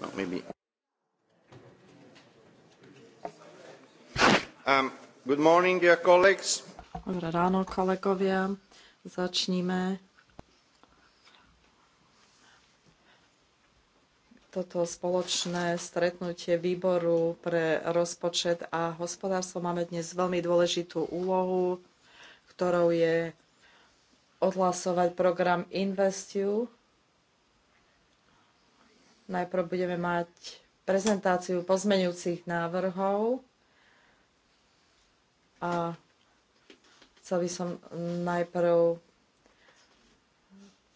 Well, maybe. Um, good morning, dear colleagues. Dobré ráno, kolegovia. Začníme toto spoločné stretnutie výboru pre rozpočet a hospodárstvo. Máme dnes veľmi dôležitú úlohu, ktorou je odhlasovať program Investiu Najprv budeme mať prezentáciu pozmeňujúcich návrhov a chcel by som najprv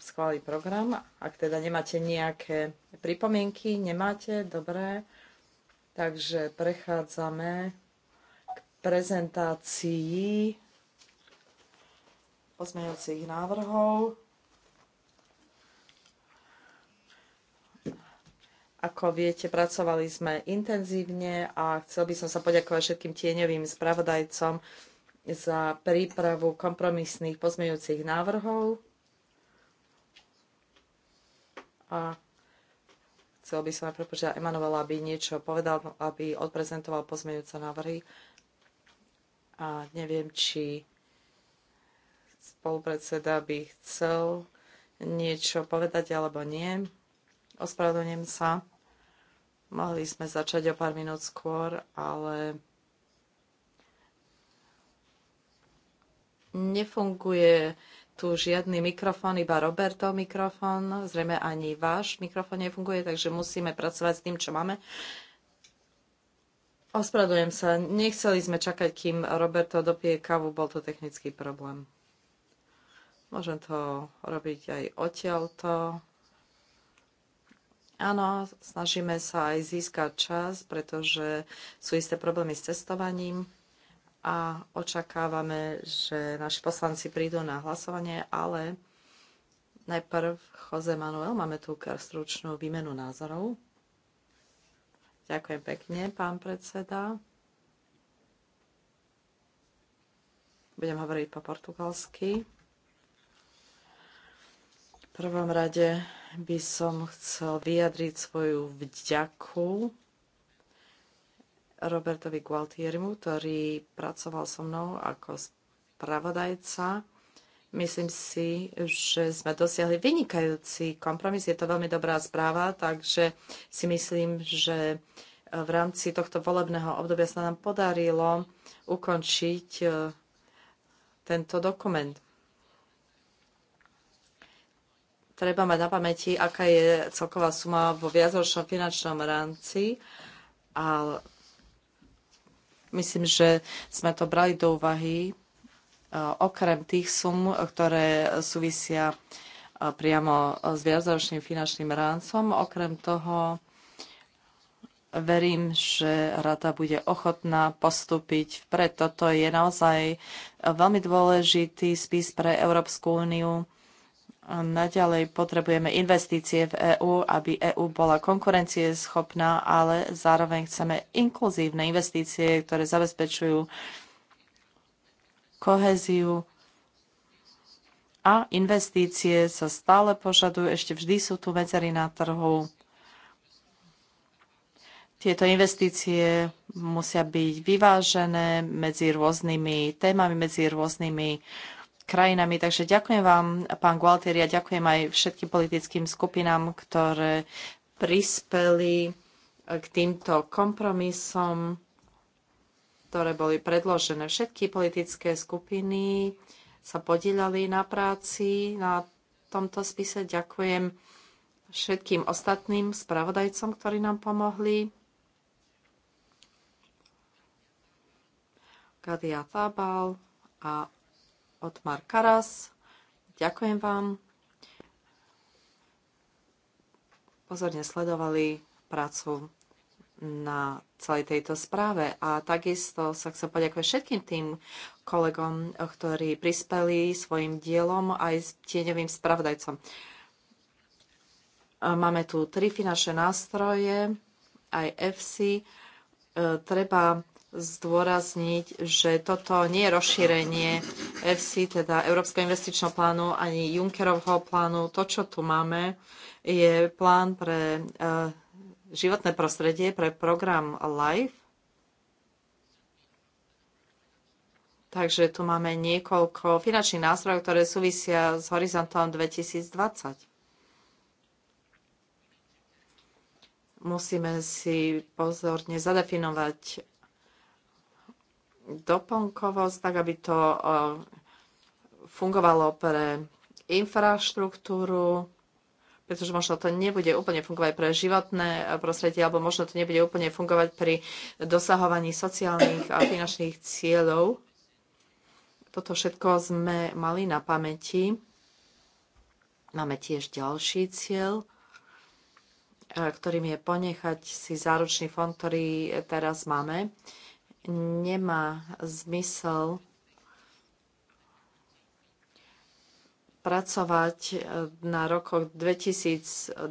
schváliť program. Ak teda nemáte nejaké pripomienky, nemáte, dobré. Takže prechádzame k prezentácii pozmeňujúcich návrhov. Ako viete, pracovali sme intenzívne a chcel by som sa poďakovať všetkým tieňovým spravodajcom za prípravu kompromisných pozmeňujúcich návrhov. A chcel by som najprv požiadať Emanuela, aby niečo povedal, aby odprezentoval pozmeňujúce návrhy. A neviem, či spolupredseda by chcel niečo povedať alebo nie. Ospravedlňujem sa. Mohli sme začať o pár minút skôr, ale nefunguje tu žiadny mikrofón, iba Roberto mikrofón, zrejme ani váš mikrofón nefunguje, takže musíme pracovať s tým, čo máme. Ospravedlňujem sa, nechceli sme čakať, kým Roberto dopije kávu, bol to technický problém. Môžem to robiť aj odtiaľto. Áno, snažíme sa aj získať čas, pretože sú isté problémy s cestovaním a očakávame, že naši poslanci prídu na hlasovanie, ale najprv Jose Manuel, máme tu stručnú výmenu názorov. Ďakujem pekne, pán predseda. Budem hovoriť po portugalsky. V prvom rade by som chcel vyjadriť svoju vďaku Robertovi Gualtierimu, ktorý pracoval so mnou ako spravodajca. Myslím si, že sme dosiahli vynikajúci kompromis. Je to veľmi dobrá správa, takže si myslím, že v rámci tohto volebného obdobia sa nám podarilo ukončiť eh, tento dokument. treba mať na pamäti, aká je celková suma vo viacročnom finančnom rámci. A myslím, že sme to brali do úvahy e, okrem tých sum, ktoré súvisia e, priamo s viacročným finančným rámcom. Okrem toho verím, že rada bude ochotná postúpiť Preto Toto je naozaj veľmi dôležitý spis pre Európsku úniu Naďalej potrebujeme investície v EÚ, aby EÚ bola konkurencieschopná, ale zároveň chceme inkluzívne investície, ktoré zabezpečujú koheziu a investície sa stále požadujú, ešte vždy sú tu medzery na trhu. Tieto investície musia byť vyvážené medzi rôznymi témami, medzi rôznymi uh, krajinami. Takže ďakujem vám, pán Gualtieri, a ďakujem aj všetkým politickým skupinám, ktoré prispeli eh, k týmto kompromisom, ktoré boli predložené. Všetky politické skupiny sa podielali na práci na tomto spise. Ďakujem všetkým ostatným spravodajcom, ktorí nám pomohli. Gadia Tabal a Otmar Karas. Ďakujem vám. Pozorne sledovali prácu na celej tejto správe. A takisto sa chcem poďakovať všetkým tým kolegom, ktorí prispeli svojim dielom aj s tieňovým spravodajcom. Máme tu tri finančné nástroje, aj FC. E, treba zdôrazniť, že toto nie je rozšírenie EFSI, teda Európskeho investičného plánu, ani Junckerovho plánu. To, čo tu máme, je plán pre eh, životné prostredie, pre program LIFE. Takže tu máme niekoľko finančných nástrojov, ktoré súvisia s horizontom 2020. musíme si pozorne zadefinovať doplnkovosť, tak aby to eh, fungovalo pre infraštruktúru, pretože možno to nebude úplne fungovať pre životné eh, prostredie, alebo možno to nebude úplne fungovať pri dosahovaní sociálnych a finančných cieľov. Toto všetko sme mali na pamäti. Máme tiež ďalší cieľ, eh, ktorým je ponechať si záručný fond, ktorý teraz máme nemá zmysel pracovať e, na rokoch 2020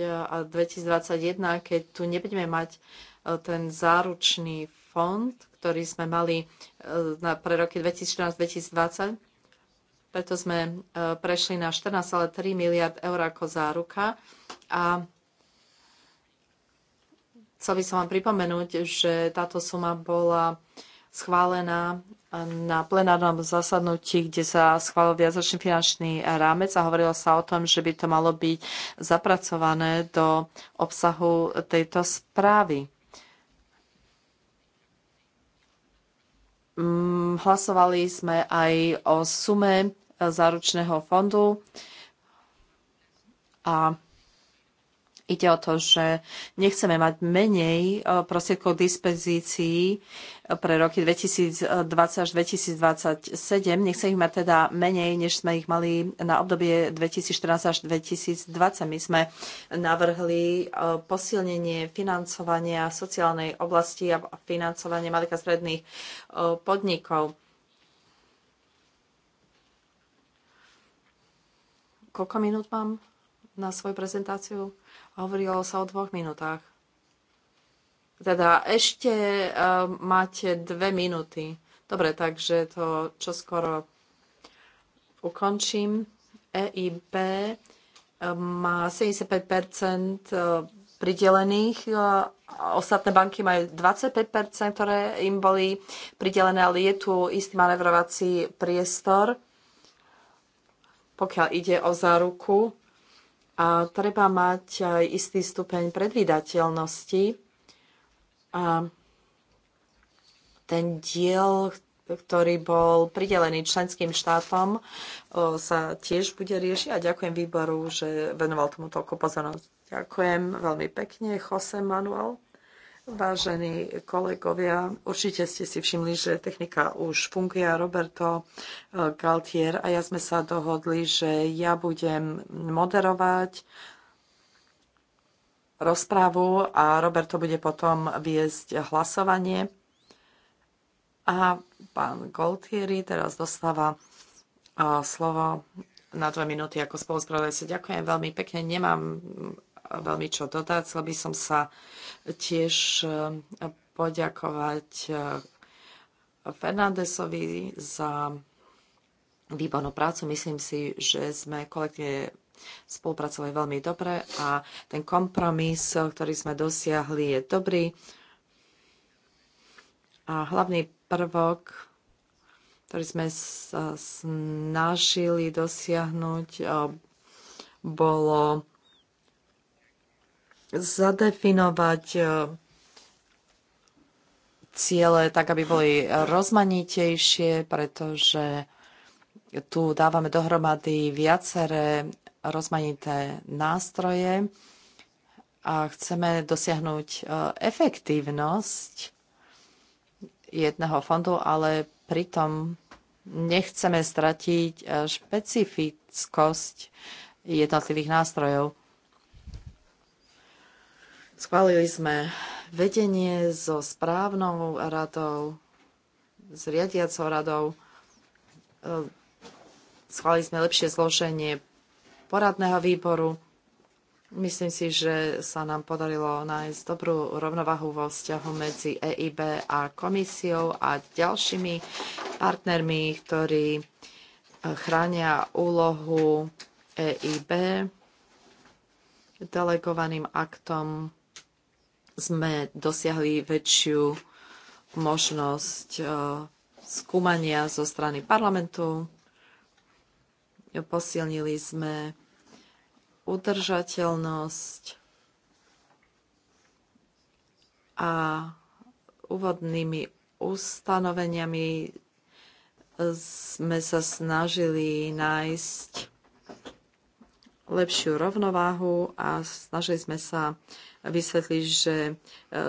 a 2021, keď tu nebudeme mať e, ten záručný fond, ktorý sme mali e, pre roky 2014-2020. Preto sme prešli na 14,3 miliard eur ako záruka a Chcel by som vám pripomenúť, že táto suma bola schválená na plenárnom zasadnutí, kde sa schválil viacročný finančný rámec a hovorilo sa o tom, že by to malo byť zapracované do obsahu tejto správy. Mm, hlasovali sme aj o sume záručného fondu a Ide o to, že nechceme mať menej e, prostriedkov k dispozícii e, pre roky 2020 až 2027. Nechceme ich mať teda menej, než sme ich mali na obdobie 2014 až 2020. My sme navrhli e, posilnenie financovania sociálnej oblasti a financovanie malých a stredných podnikov. Koľko minút mám na svoju prezentáciu? Hovorilo sa o dvoch minútach. Teda ešte uh, máte dve minúty. Dobre, takže to čo skoro ukončím. EIB e, má 75 e, pridelených, ostatné banky majú 25 ktoré im boli pridelené, ale je tu istý manevrovací priestor, pokiaľ ide o záruku a treba mať aj istý stupeň predvídateľnosti. A ten diel, ktorý bol pridelený členským štátom, sa tiež bude riešiť. A ďakujem výboru, že venoval tomu toľko pozornosť. Ďakujem veľmi pekne, Jose Manuel. Vážení kolegovia, určite ste si všimli, že technika už funguje. Roberto eh, Galtier a ja sme sa dohodli, že ja budem moderovať rozprávu a Roberto bude potom viesť hlasovanie. A pán Galtieri teraz dostáva eh, slovo na dve minúty ako spoluspravodajca. Ďakujem veľmi pekne. Nemám veľmi čo dodať. Chcel by som sa tiež eh, poďakovať eh, Fernandesovi za výbornú prácu. Myslím si, že sme kolektívne spolupracovali veľmi dobre a ten kompromis, eh, ktorý sme dosiahli, je dobrý. A hlavný prvok, ktorý sme sa snažili dosiahnuť, bolo zadefinovať e, ciele tak, aby boli rozmanitejšie, pretože tu dávame dohromady viaceré rozmanité nástroje a chceme dosiahnuť e, efektívnosť jedného fondu, ale pritom nechceme stratiť e, špecifickosť jednotlivých nástrojov. Schválili sme vedenie so správnou radou, s riadiacou radou. E, schválili sme lepšie zloženie poradného výboru. Myslím si, že sa nám podarilo nájsť dobrú rovnovahu vo vzťahu medzi EIB a komisiou a ďalšími partnermi, ktorí e, chránia úlohu EIB delegovaným aktom sme dosiahli väčšiu možnosť e, skúmania zo strany parlamentu. Posilnili sme udržateľnosť a úvodnými ustanoveniami sme sa snažili nájsť lepšiu rovnováhu a snažili sme sa vysvetliť, že e,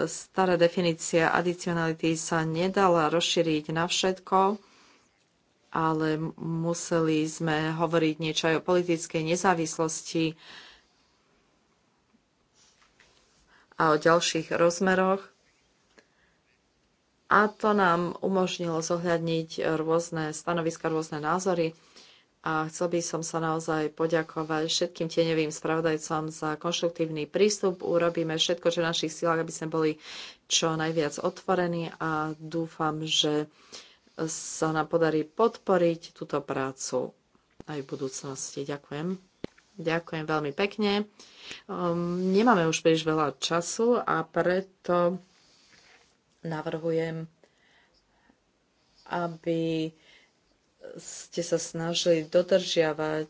stará definícia adicionality sa nedala rozšíriť na všetko, ale museli sme hovoriť niečo aj o politickej nezávislosti a o ďalších rozmeroch. A to nám umožnilo zohľadniť rôzne stanoviska, rôzne názory a chcel by som sa naozaj poďakovať všetkým tieňovým spravodajcom za konštruktívny prístup. Urobíme všetko, čo v našich silách, aby sme boli čo najviac otvorení a dúfam, že sa nám podarí podporiť túto prácu aj v budúcnosti. Ďakujem. Ďakujem veľmi pekne. Um, nemáme už príliš veľa času a preto navrhujem, aby ste sa snažili dodržiavať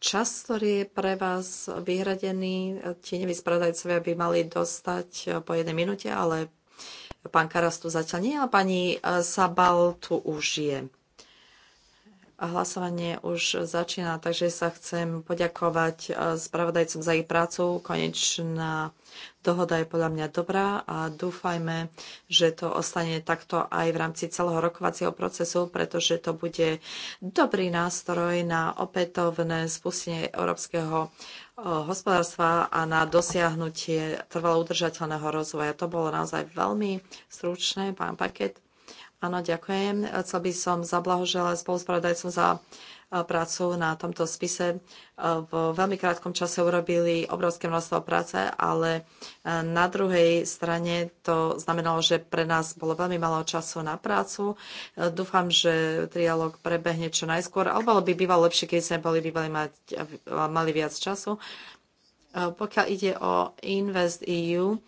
čas, ktorý je pre vás vyhradený. Tieňoví spravodajcovia by mali dostať po jednej minúte, ale pán Karas tu zatiaľ nie a pani Sabal tu už je. Hlasovanie už začína, takže sa chcem poďakovať e, spravodajcom za ich prácu. Konečná dohoda je podľa mňa dobrá a dúfajme, že to ostane takto aj v rámci celého rokovacieho procesu, pretože to bude dobrý nástroj na opätovné spustenie európskeho e, hospodárstva a na dosiahnutie trvalo udržateľného rozvoja. To bolo naozaj veľmi stručné, pán Paket. Áno, ďakujem. Chcel by som zablahoželať spoluspravodajcom za e, prácu na tomto spise. E, v veľmi krátkom čase urobili obrovské množstvo práce, ale e, na druhej strane to znamenalo, že pre nás bolo veľmi malo času na prácu. Dúfam, že trialog prebehne čo najskôr, alebo by bývalo lepšie, keď sme boli bývali mať, mali viac času. Pokiaľ ide o Invest EU,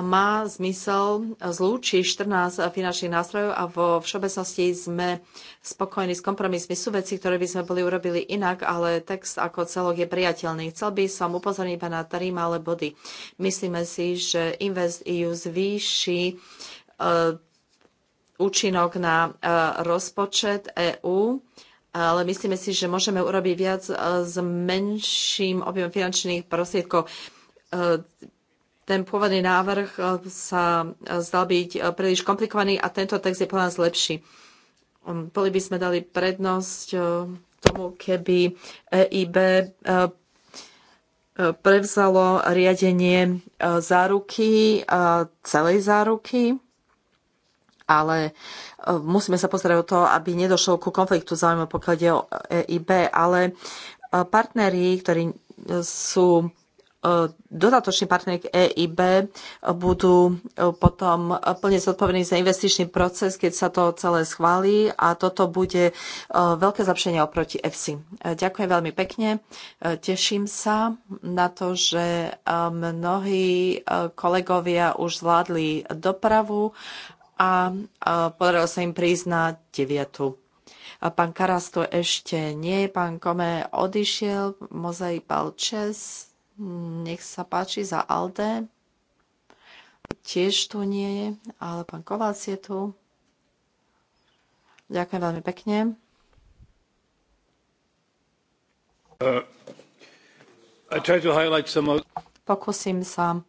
má zmysel zlúčiť 14 finančných nástrojov a vo všeobecnosti sme spokojní s kompromismi. Sú veci, ktoré by sme boli urobili inak, ale text ako celok je priateľný. Chcel by som upozorniť pana na tri malé body. Myslíme si, že Invest EU zvýši eh, účinok na eh, rozpočet EÚ ale myslíme si, že môžeme urobiť viac eh, s menším objemom finančných prostriedkov ten pôvodný návrh e, sa e, zdal byť e, príliš komplikovaný a tento text je po nás lepší. Um, boli by sme dali prednosť tomu, keby EIB prevzalo riadenie záruky, celej záruky, ale musíme sa pozrieť o to, aby nedošlo ku konfliktu záujmu, pokiaľ ide o EIB, ale partneri, ktorí sú E, dodatoční partnery k EIB budú e, potom plne zodpovední za investičný proces, keď sa to celé schválí a toto bude e, veľké zlepšenie oproti EFSI. Ďakujem veľmi pekne. Teším sa na to, že mnohí kolegovia už zvládli dopravu a podarilo sa im prísť na deviatu. Pán Karas tu ešte nie, pán Kome odišiel, Mozej Balčes nech sa páči za Alde. Tiež tu nie je, ale pán Kovác je tu. Ďakujem veľmi pekne. Uh, some... Pokúsim sa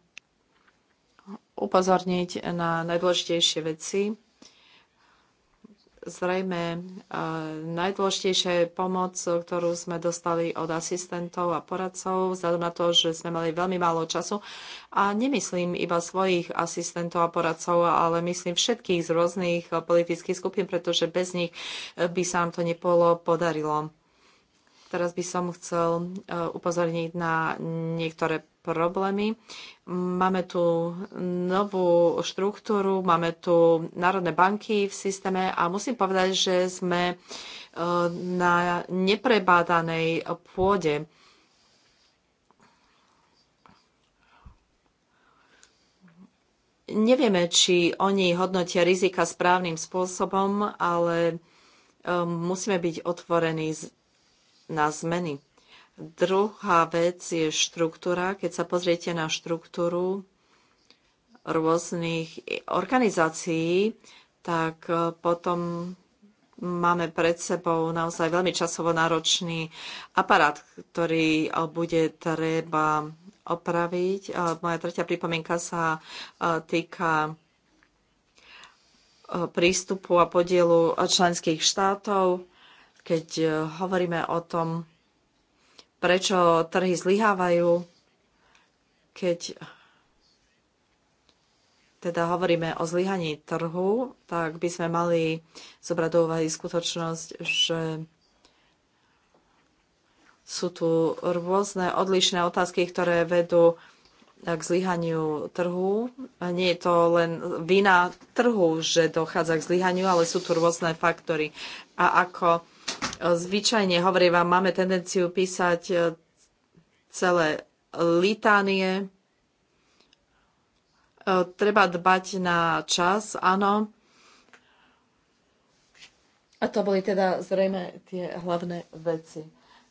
upozorniť na najdôležitejšie veci zrejme e, najdôležitejšia je pomoc, ktorú sme dostali od asistentov a poradcov, vzhľadom na to, že sme mali veľmi málo času. A nemyslím iba svojich asistentov a poradcov, ale myslím všetkých z rôznych politických skupín, pretože bez nich e, by sa nám to nepolo podarilo. Teraz by som chcel e, upozorniť na niektoré problémy. Máme tu novú štruktúru, máme tu národné banky v systéme a musím povedať, že sme e, na neprebádanej pôde. Nevieme, či oni hodnotia rizika správnym spôsobom, ale e, musíme byť otvorení na zmeny. Druhá vec je štruktúra. Keď sa pozriete na štruktúru rôznych organizácií, tak e, potom máme pred sebou naozaj veľmi časovo náročný aparát, ktorý e, bude treba opraviť. E, moja tretia pripomienka sa týka prístupu a podielu členských štátov. Keď hovoríme o tom, prečo trhy zlyhávajú, keď teda hovoríme o zlyhaní trhu, tak by sme mali zobrať do úvahy skutočnosť, že sú tu rôzne odlišné otázky, ktoré vedú k zlyhaniu trhu. Nie je to len vina trhu, že dochádza k zlyhaniu, ale sú tu rôzne faktory. A ako Zvyčajne hovorím vám, máme tendenciu písať e, celé litánie. E, treba dbať na čas, áno. A to boli teda zrejme tie hlavné veci.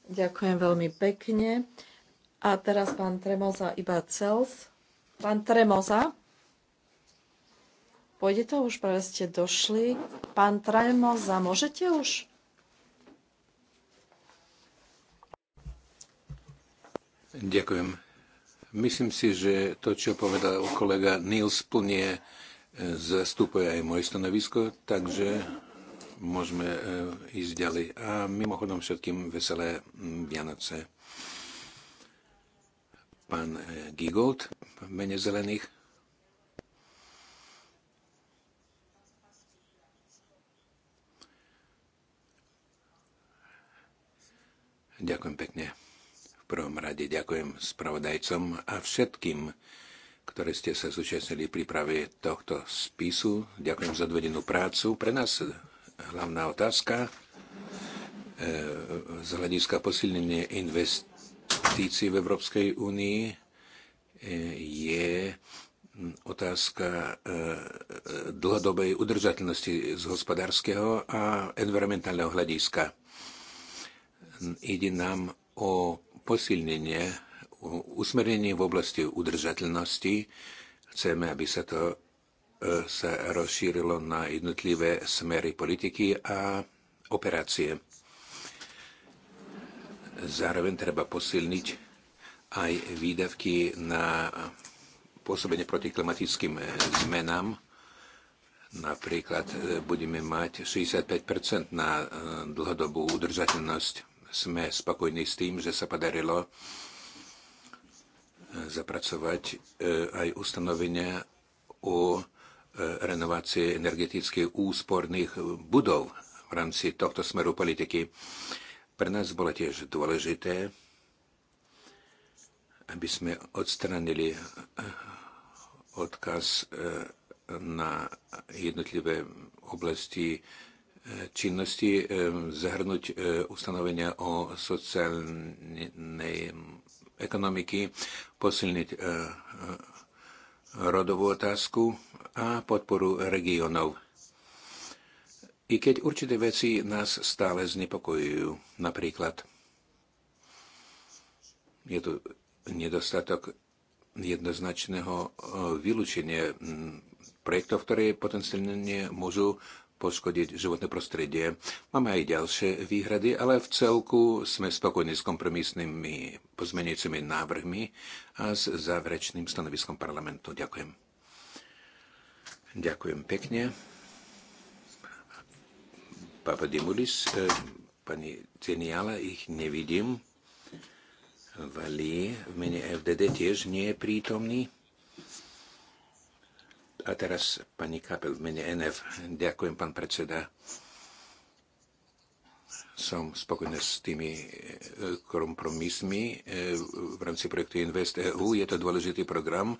Ďakujem veľmi pekne. A teraz pán Tremoza iba cels. Pán Tremoza. Pôjde to už, práve ste došli. Pán Tremoza, môžete už? Ďakujem. Myslím si, že to, čo povedal kolega Nils, plne e, zastupuje aj moje stanovisko, takže môžeme e, ísť ďalej. A mimochodom všetkým veselé Vianoce. Pán e, Gigold, mene zelených. Ďakujem pekne prvom rade ďakujem spravodajcom a všetkým, ktoré ste sa zúčastnili v príprave tohto spisu. Ďakujem za odvedenú prácu. Pre nás hlavná otázka e, z hľadiska posilnenie investícií v Európskej únii e, je otázka e, dlhodobej udržateľnosti z hospodárskeho a environmentálneho hľadiska. Ide nám o posilnenie usmernení v oblasti udržateľnosti. Chceme, aby sa to e, sa rozšírilo na jednotlivé smery politiky a operácie. Zároveň treba posilniť aj výdavky na pôsobenie proti klimatickým zmenám. Napríklad e, budeme mať 65 na e, dlhodobú udržateľnosť sme spokojní s tým, že sa podarilo e, zapracovať e, aj ustanovenia o e, renovácii energeticky úsporných budov v rámci tohto smeru politiky. Pre nás bolo tiež dôležité, aby sme odstranili odkaz na jednotlivé oblasti činnosti eh, zahrnúť eh, ustanovenia o sociálnej ekonomiky, posilniť eh, rodovú otázku a podporu regionov. I keď určité veci nás stále znepokojujú, napríklad je tu nedostatok jednoznačného vylúčenia projektov, ktoré potenciálne môžu poškodiť životné prostredie. Máme aj ďalšie výhrady, ale v celku sme spokojní s kompromisnými pozmenujúcimi návrhmi a s záverečným stanoviskom parlamentu. Ďakujem. Ďakujem pekne. Papa Dimulis, eh, pani Ceniala, ich nevidím. Valí v mene FDD tiež nie je prítomný. A teraz pani Kapel v mene NF. Ďakujem, pán predseda. Som spokojný s tými e, kompromismi e, v rámci projektu Invest EU. Je to dôležitý program.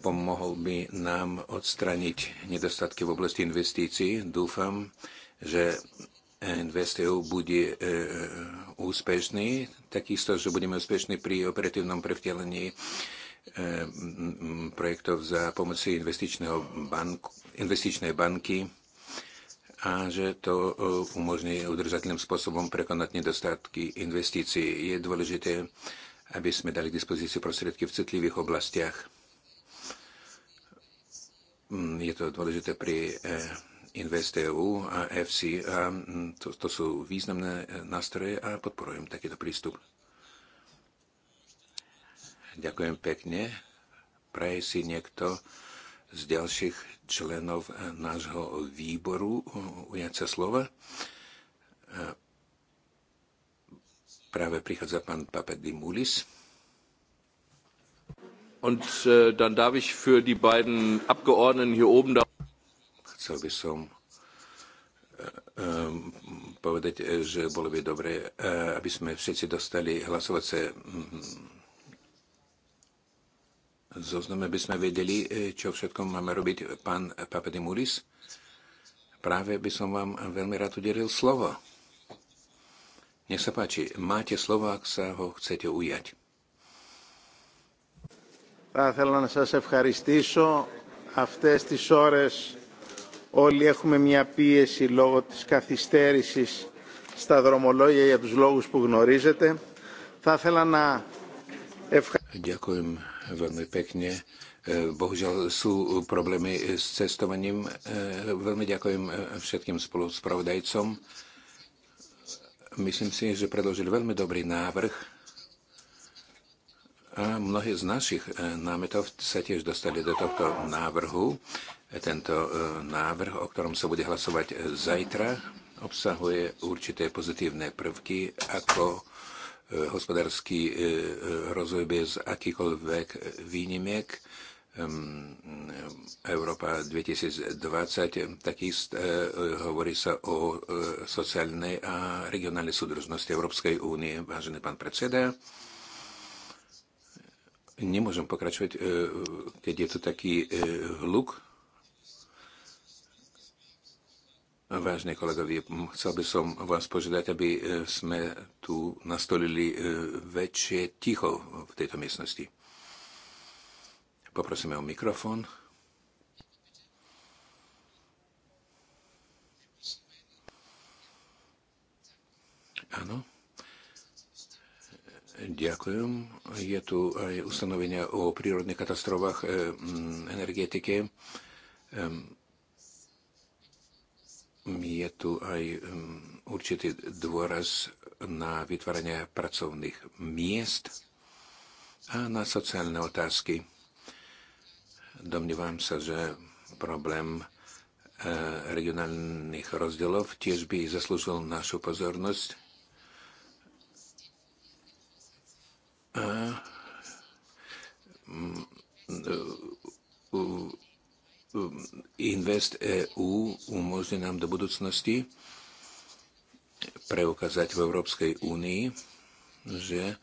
Pomohol by nám odstraniť nedostatky v oblasti investícií. Dúfam, že Invest EU bude e, úspešný, takisto, že budeme úspešní pri operatívnom prevtelení Eh, projektov za pomoci investičného banku, investičnej banky a že to eh, umožní udržateľným spôsobom prekonať nedostatky investícií. Je dôležité, aby sme dali k dispozícii prostriedky v citlivých oblastiach. Mm, je to dôležité pri eh, InvestEU a FC. A mm, to, to sú významné nástroje a podporujem takýto prístup. Ďakujem pekne. Praje si niekto z ďalších členov eh, nášho výboru eh, ujať sa slova. Eh, práve prichádza pán Papadimulis. Und äh, dann darf ich für die beiden Abgeordneten hier oben da Chcel by som povedať, že bolo by dobre, aby sme všetci dostali hlasovacie mm, zozname, aby sme vedeli, čo všetko máme robiť pán Papadimulis. Práve by som vám veľmi rád udelil slovo. Nech sa páči, máte slovo, ak sa ho chcete ujať. Θα ήθελα να σας ευχαριστήσω. Αυτές τις ώρες όλοι έχουμε μια πίεση λόγω της καθυστέρησης στα δρομολόγια για τους λόγους που γνωρίζετε. Θα ήθελα να Ďakujem veľmi pekne. E, bohužiaľ sú problémy s cestovaním. E, veľmi ďakujem e, všetkým spoluspravodajcom. Myslím si, že predložili veľmi dobrý návrh a mnohé z našich námetov sa tiež dostali do tohto návrhu. Tento návrh, o ktorom sa bude hlasovať zajtra, obsahuje určité pozitívne prvky, ako E, hospodársky e, e, rozvoj bez akýkoľvek výnimiek. Európa 2020, takisto hovorí sa o sociálnej a regionálnej súdržnosti Európskej únie. Vážený pán predseda, nemôžem pokračovať, keď je to taký hluk. Vážne kolegovia, chcel by som vás požiadať, aby e, sme tu nastolili e, väčšie ticho v tejto miestnosti. Poprosíme o mikrofón. Áno. Ďakujem. Je tu aj ustanovenia o prírodných katastrofách, e, energetike je tu aj určitý dôraz na vytvorenie pracovných miest a na sociálne otázky. Domnívam sa, že problém e, regionálnych rozdielov tiež by zaslúžil našu pozornosť. A e, Um, Invest EU umožní nám do budúcnosti preukázať v Európskej únii, že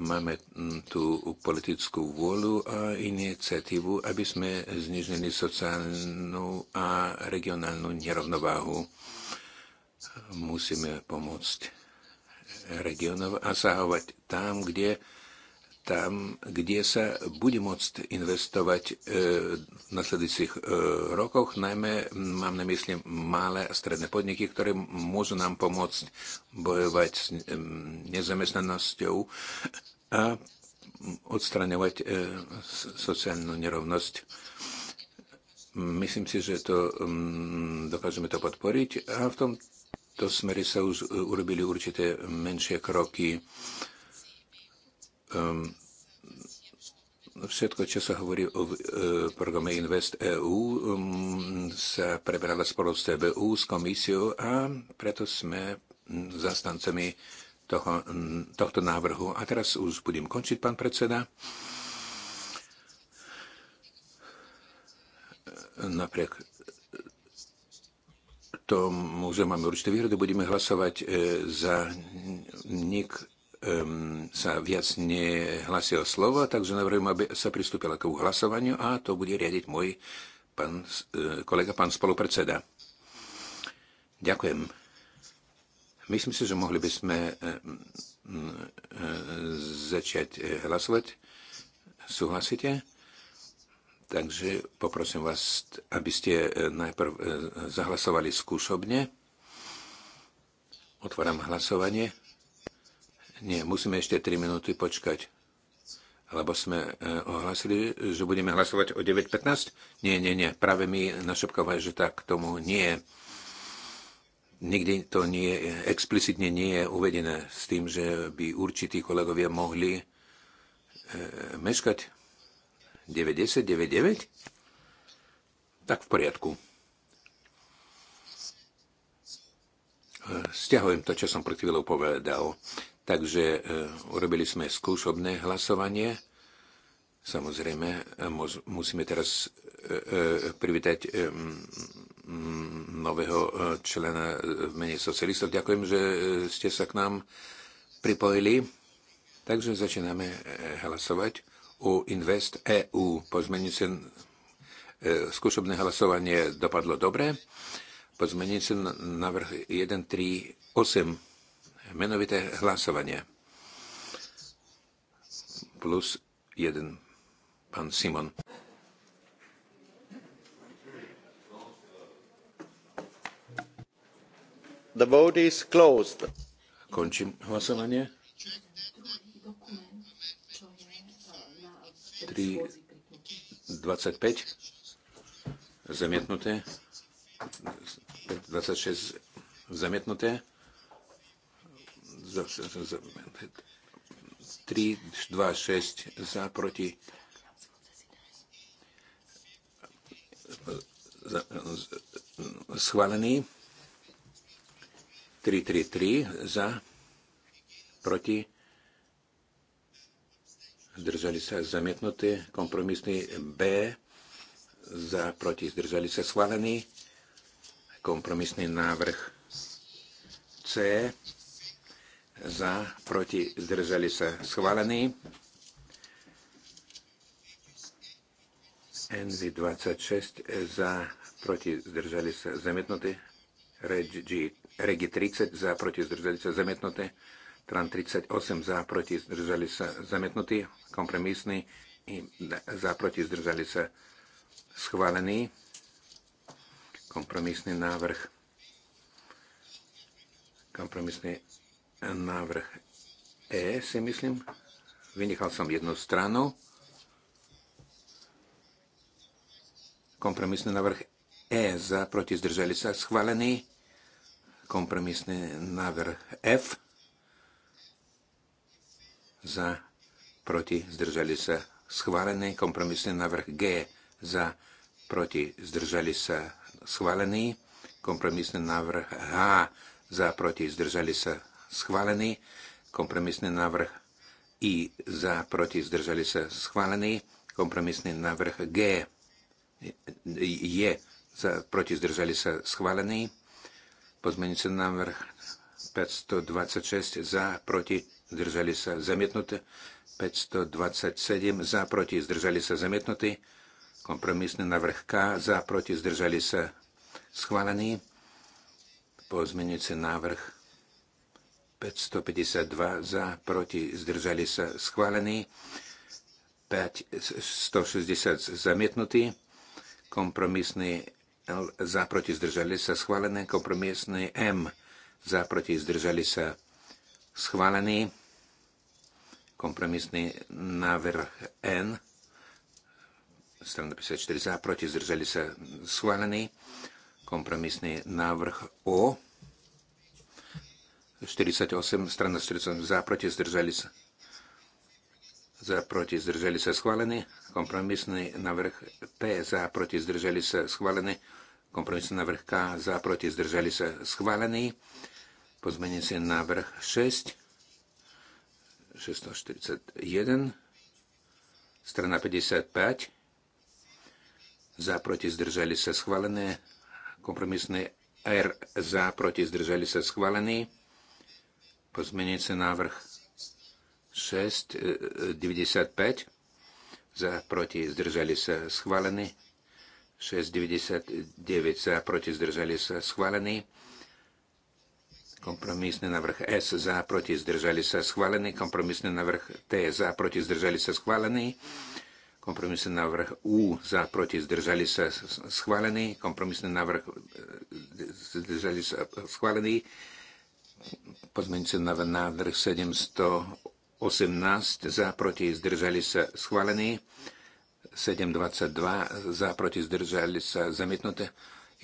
máme tú politickú vôľu a iniciatívu, aby sme znižili sociálnu a regionálnu nerovnováhu. Musíme pomôcť regionov a zahovať tam, kde tam, kde sa bude môcť investovať e, v nasledujúcich e, rokoch. Najmä mám na mysli malé a stredné podniky, ktoré môžu nám pomôcť bojovať s nezamestnanosťou a odstraňovať e, sociálnu nerovnosť. Myslím si, že to dokážeme to podporiť a v tomto smere sa už urobili určité menšie kroky všetko, čo sa hovorí o e, programe Invest EU, sa prebrala spolu s TBU, s komisiou a preto sme zastancami toho, tohto návrhu. A teraz už budem končiť, pán predseda. Napriek tomu, že máme určité výhrady, budeme hlasovať e, za nik um, sa viac nehlasí o slovo, takže navrhujem, aby sa pristúpila k hlasovaniu a to bude riadiť môj pán, e, kolega, pán spolupredseda. Ďakujem. Myslím si, že mohli by sme e, e, začať hlasovať. Súhlasíte? Takže poprosím vás, aby ste najprv zahlasovali skúšobne. Otváram hlasovanie. Nie, musíme ešte 3 minúty počkať. Lebo sme eh, ohlasili, že budeme hlasovať o 9.15? Nie, nie, nie. Práve mi našepkáva, že tak tomu nie je. Nikdy to nie, je explicitne nie je uvedené s tým, že by určití kolegovia mohli e, meškať 90, 99? Tak v poriadku. Eh, Sťahujem to, čo som pred chvíľou povedal. Takže e, urobili sme skúšobné hlasovanie. Samozrejme, e, musíme teraz e, privítať nového člena v mene socialistov. Ďakujem, že ste sa k nám pripojili. Takže začíname hlasovať o Invest EU. Pozmenujúce skúšobné hlasovanie dopadlo dobre. Pozmenujúce návrh 138 menovité hlasovanie. Plus jeden. Pán Simon. The vote is closed. Končím hlasovanie. 3.25 zamietnuté, 26 zamietnuté, 3, 2, 6 za, proti. Schválený. 3, 3, 3 za, proti. Zdržali sa zamietnuté. Kompromisný B za, proti. Zdržali sa schválený. Kompromisný návrh C za, proti, zdržali sa Schválený. NV26 za, proti, zdržali sa zamietnutí. Regi, Regi 30 za, proti, zdržali sa zamietnutí. Tran 38 za, proti, zdržali sa zamietnutí. Kompromisný i za, proti, zdržali sa schválený. Kompromisný návrh kompromisný Návrh E si myslím. Vynechal som jednu stranu. Kompromisný návrh E za, proti zdržali sa, schválený. Kompromisný návrh F za, proti zdržali sa, schválený. Kompromisný návrh G za, proti zdržali sa, schválený. Kompromisný návrh H za, proti zdržali sa, schválený. Kompromisný návrh I za, proti, zdržali sa, schválený. Kompromisný návrh G je za, proti, zdržali sa, schválený. Pozmeňujúci návrh 526 za, proti, zdržali sa, zamietnuté. 527 za, proti, zdržali sa, zamietnutý. Kompromisný návrh K za, proti, zdržali sa, schválený. Pozmeňujúci návrh 552 za, proti, zdržali sa schválení, 560 zamietnutí, kompromisný L za, proti, zdržali sa schválení, kompromisný M za, proti, zdržali sa schválení, kompromisný návrh N strana 54 za, proti, zdržali sa schválení, kompromisný návrh O 48, strana 48 za, proti, zdržali sa. Za, proti, zdržali sa schválený. Kompromisný návrh P za, proti, zdržali sa schválený. Kompromisný návrh K za, proti, zdržali sa schválený. Pozmenujúci návrh 6, 641, strana 55. За против сдержались схваленные. Компромиссные R за против сдержались схваленные. Pozmenujúci návrh 6, 95. E, e, za, proti, zdržali sa schválení. 6,99 za, proti, zdržali sa schválení. Kompromisný návrh S za, proti, zdržali sa schválení. Kompromisný návrh T za, proti, zdržali sa schválení. Kompromisný návrh U za, proti, zdržali sa schválení. Kompromisný návrh e, zdržali sa schválení. Pozmeňujúci návrh 718 za, proti, zdržali sa schválený. 722 za, proti, zdržali sa zamietnuté.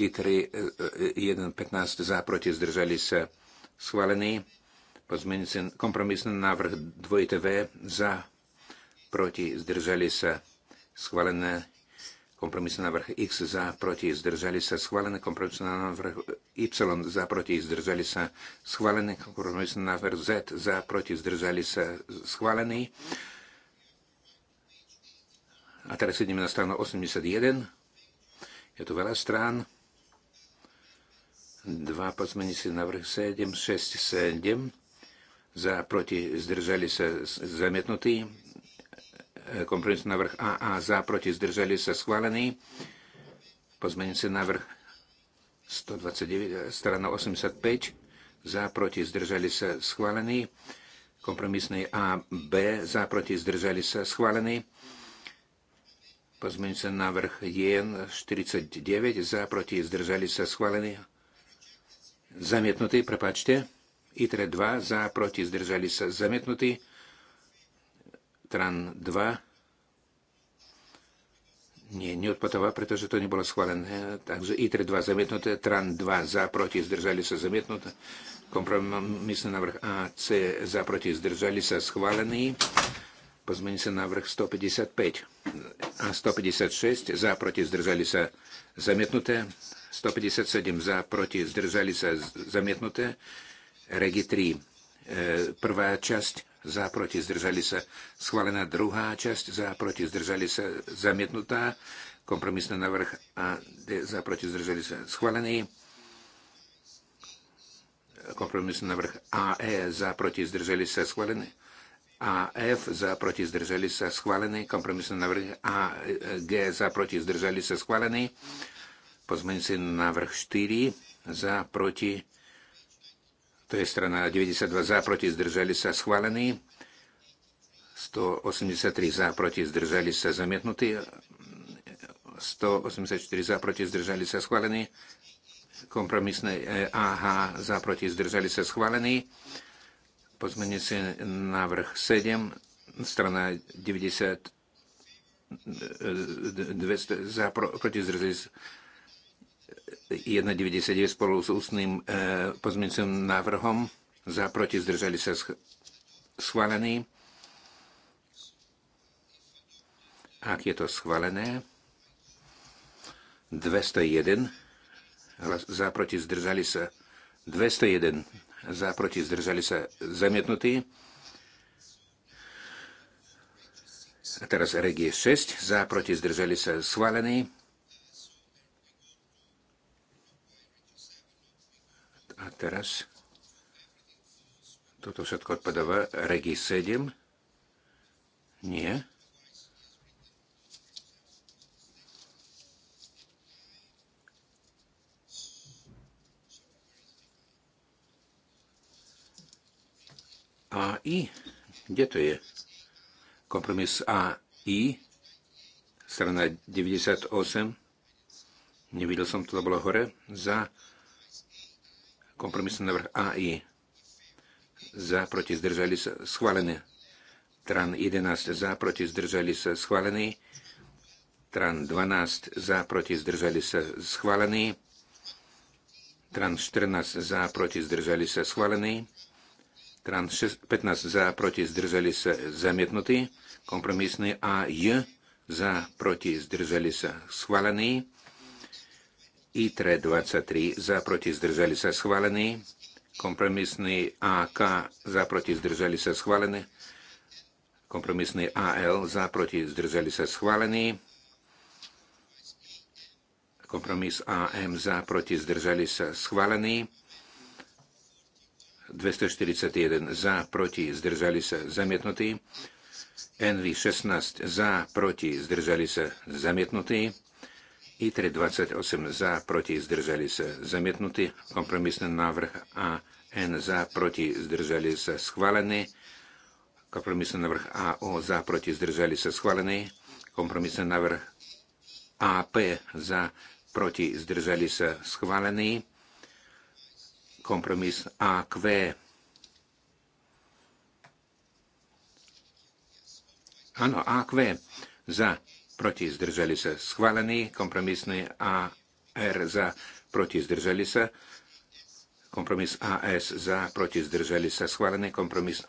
I 3, 1, 15 za, proti, zdržali sa schválený. Pozmeňujúci kompromisný návrh 2TV za, proti, zdržali sa schválené. Kompromisný návrh X za, proti, zdržali sa, schválený kompromisný návrh Y za, proti, zdržali sa, schválený kompromisný návrh Z za, proti, zdržali sa, schválený. A teraz ideme na stranu 81. Je tu veľa strán. 2 pozmenici návrh 7, 6, 7 za, proti, zdržali sa, zamietnutý. E, kompromisný návrh A za, proti, zdržali sa schválený. Pozmeňujúci návrh 129, e, strana 85, za, proti, zdržali sa schválený. Kompromisný B za, proti, zdržali sa schválený. Pozmeňujúci návrh JN 49, za, proti, zdržali sa schválený. Zamietnutý, prepačte. ITRE 2, za, proti, zdržali sa zamietnutý. Tran 2. Nie, neodpatová, pretože to nebolo schválené. Takže ITRE 2 zamietnuté, TRAN 2 za, proti, zdržali sa zamietnuté. Kompromisný návrh A, C za, proti, zdržali sa schválený. Pozmení sa návrh 155 a 156 za, proti, zdržali sa zamietnuté. 157 za, proti, zdržali sa zamietnuté. Regi 3. E, prvá časť za proti zdržali sa schválená druhá časť, za proti zdržali sa zamietnutá, kompromisný návrh a za proti zdržali sa schválený, kompromisný návrh AE za proti zdržali sa schválený, AF za proti zdržali sa schválený, kompromisný návrh AG za proti zdržali sa schválený, si návrh 4 za proti to je strana 92 za, proti, zdržali sa, schválený. 183 za, proti, zdržali sa, zamietnutý. 184 za, proti, zdržali sa, schválený. Kompromisné AH za, proti, zdržali sa, schválený. si návrh 7, strana 90, 200 e, za, proti, zdržali sa, 1,99 spolu s ústnym e, pozmeňujúcim návrhom. Za proti zdržali sa schválený. Ak je to schválené, 201 za proti zdržali sa 201 za proti zdržali sa zamietnutí. A teraz regie 6 za proti zdržali sa schválený. Teraz toto všetko odpadáva. Regi 7. Nie. A i, kde to je? Kompromis A i, strana 98. Nevidel som to, to bolo hore. Za Kompromisný návrh AI. Za, proti, zdržali sa, Schválený. Tran 11 za, proti, zdržali sa, schválený. Tran 12 za, proti, zdržali sa, schválený. Tran 14 za, proti, zdržali sa, schválený. Tran 15 zdržali sa. Zamietnutý. Kompromisný AI. za proti zdržali sa. Schválený. ITRE 23 za proti zdržali sa schválený. Kompromisný AK za proti zdržali sa schválený. Kompromisný AL za proti zdržali sa schválený. Kompromis AM za proti zdržali sa schválený. 241 za proti zdržali sa zamietnutý. NV 16 za proti zdržali sa zamietnutý. ITRE 28 za, proti, zdržali sa zamietnutý. Kompromisný návrh A, N za, proti, zdržali sa schválený. Kompromisný návrh A, O za, proti, zdržali sa schválený. Kompromisný návrh A, P za, proti, zdržali sa schválený. Kompromis A, Q. Áno, A, Q za, proti zdržali sa schválený, kompromisný AR za, proti zdržali sa, kompromis AS za, proti zdržali sa schválený, kompromis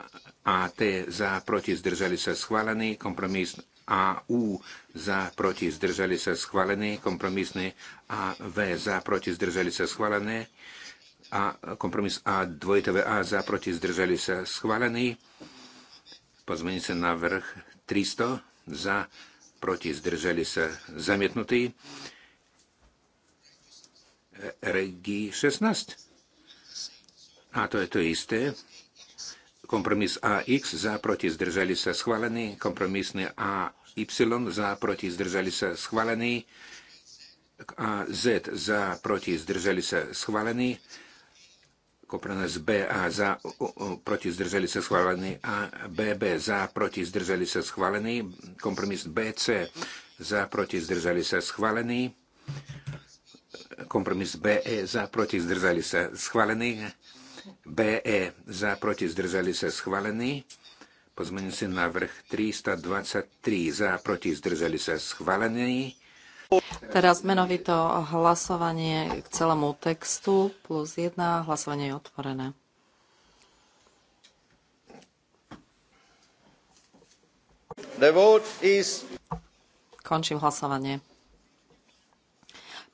AT za, proti zdržali sa schválený, kompromis AU za, proti zdržali sa schválený, kompromisný AV za, proti zdržali sa schválený, a kompromis A, dvojitové A za, proti zdržali sa schválený, na návrh 300 za, proti, zdržali sa zamietnutí. Regi 16. A to je to isté. Kompromis AX za proti zdržali sa schválený. Kompromisný AY za proti zdržali sa schválený. AZ za proti zdržali sa schválený. Koprenes B a za, proti zdržali sa schválený a BB za, proti zdržali sa schválený, kompromis BC za, proti zdržali sa schválený, kompromis BE za, proti zdržali sa schválený, BE za, proti zdržali sa schválený, pozmením si návrh 323 za, proti zdržali sa schválený, Teraz menovito hlasovanie k celému textu plus jedna. Hlasovanie je otvorené. The vote is... Končím hlasovanie.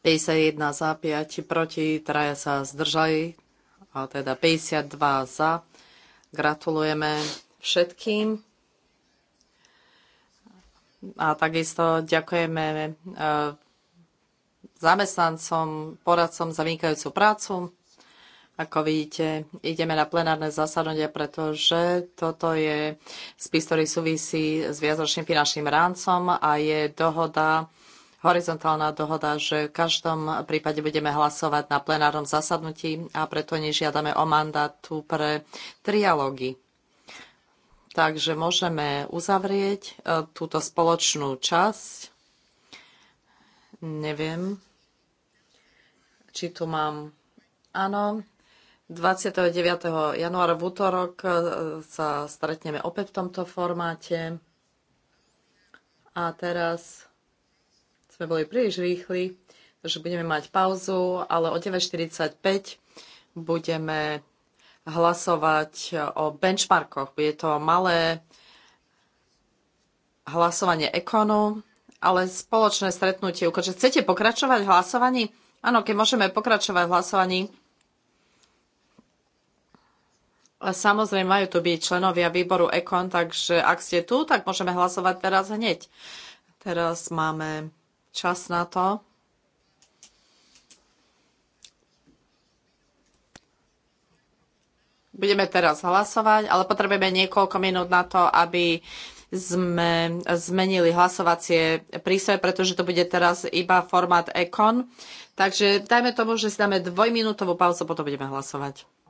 51 za, 5 proti, 3 sa zdržali, a teda 52 za. Gratulujeme všetkým. A takisto ďakujeme e, zamestnancom, poradcom za vynikajúcu prácu. Ako vidíte, ideme na plenárne zasadnutie, pretože toto je spis, ktorý súvisí s viacročným finančným rámcom a je dohoda, horizontálna dohoda, že v každom prípade budeme hlasovať na plenárnom zasadnutí a preto nežiadame o mandátu pre trialógy. Takže môžeme uzavrieť e, túto spoločnú časť. Neviem či tu mám... Áno, 29. januára v útorok e, sa stretneme opäť v tomto formáte. A teraz sme boli príliš rýchli, takže budeme mať pauzu, ale o 9.45 budeme hlasovať o benchmarkoch. Je to malé hlasovanie ekonu, ale spoločné stretnutie. Ukáže, chcete pokračovať v hlasovaní? Áno, keď môžeme pokračovať v hlasovaní. Samozrejme, majú tu byť členovia výboru EKON, takže ak ste tu, tak môžeme hlasovať teraz hneď. Teraz máme čas na to. Budeme teraz hlasovať, ale potrebujeme niekoľko minút na to, aby sme zmenili hlasovacie prísve, pretože to bude teraz iba formát Econ. Takže dajme tomu, že si dáme dvojminútovú pauzu, potom budeme hlasovať.